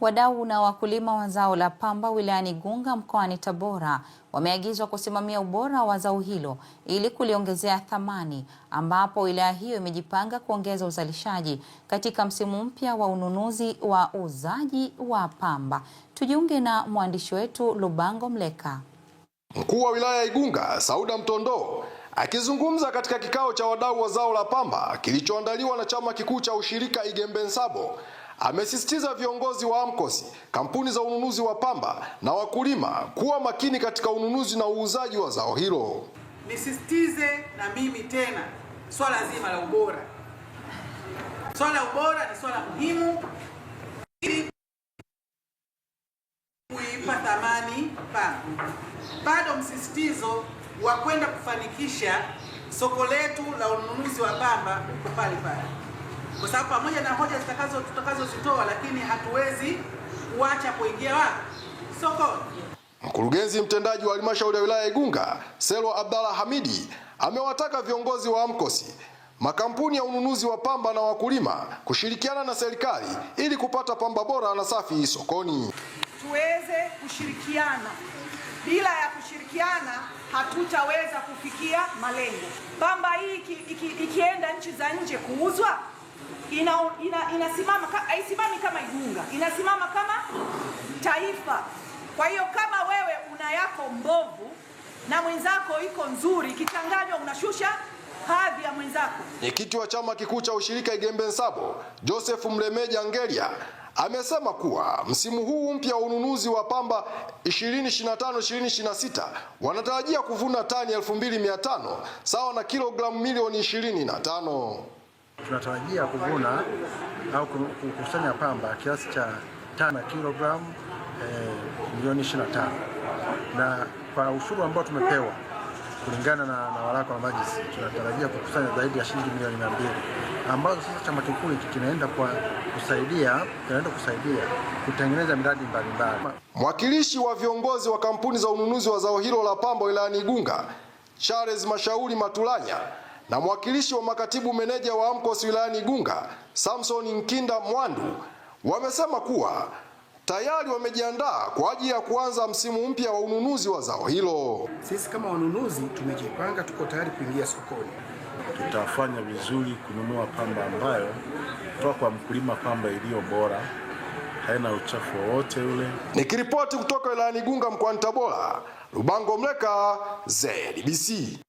Wadau na wakulima wa zao la pamba wilayani Igunga mkoani Tabora wameagizwa kusimamia ubora wa zao hilo ili kuliongezea thamani, ambapo wilaya hiyo imejipanga kuongeza uzalishaji katika msimu mpya wa ununuzi wa uuzaji wa pamba. Tujiunge na mwandishi wetu Lubango Mleka. Mkuu wa wilaya ya Igunga Sauda Mtondo Akizungumza katika kikao cha wadau wa zao la pamba kilichoandaliwa na chama kikuu cha ushirika Igembe Nsabo, amesisitiza viongozi wa amkosi kampuni za ununuzi wa pamba na wakulima kuwa makini katika ununuzi na uuzaji wa zao hilo. Nisisitize na mimi tena swala zima la ubora. Swala la ubora ni swala muhimu ili kuipa thamani pamba. Bado msisitizo wa kwenda kufanikisha soko letu la ununuzi wa pamba uko pale pale, kwa sababu pamoja na hoja zitakazo tutakazozitoa, lakini hatuwezi kuacha kuingia wa soko. Mkurugenzi mtendaji wa halmashauri ya wilaya ya Igunga Selwa Abdalla Hamidi amewataka viongozi wa AMCOS Makampuni ya ununuzi wa pamba na wakulima kushirikiana na serikali ili kupata pamba bora na safi sokoni. Tuweze kushirikiana. Bila ya kushirikiana hatutaweza kufikia malengo. Pamba hii iki, iki, ikienda nchi za nje kuuzwa ina, ina, inasimama haisimami kama igunga, inasimama kama taifa. Kwa hiyo kama wewe una yako mbovu na mwenzako iko nzuri, kichanganywa unashusha hadhi ya mwenzako. Mwenyekiti wa chama kikuu cha ushirika Igembe Nsabo, Joseph Mlemeja Ngeria amesema kuwa msimu huu mpya wa ununuzi wa pamba 2025-2026 wanatarajia kuvuna tani 2500 sawa na kilogramu milioni 25. Tunatarajia kuvuna au kukusanya pamba kiasi cha tani kilogramu eh, milioni 25 na kwa ushuru ambao tumepewa kulingana na, na waraka wa Majlisi tunatarajia kukusanya zaidi ya shilingi milioni mia mbili ambazo sasa chama kikuu hiki kinaenda kwa kusaidia kinaenda kusaidia kutengeneza miradi mbalimbali. Mwakilishi wa viongozi wa kampuni za ununuzi wa zao hilo la pamba wilayani Igunga Charles Mashauri Matulanya na mwakilishi wa makatibu meneja wa AMCOS wilayani Igunga Samson Nkinda Mwandu wamesema kuwa tayari wamejiandaa kwa ajili ya kuanza msimu mpya wa ununuzi wa zao hilo. Sisi kama wanunuzi tumejipanga, tuko tayari kuingia sokoni. Tutafanya vizuri kununua pamba ambayo kutoka kwa mkulima, pamba iliyo bora haina uchafu wowote ule. Nikiripoti kutoka wilayani Igunga mkoani Tabora, rubango Mleka, ZBC.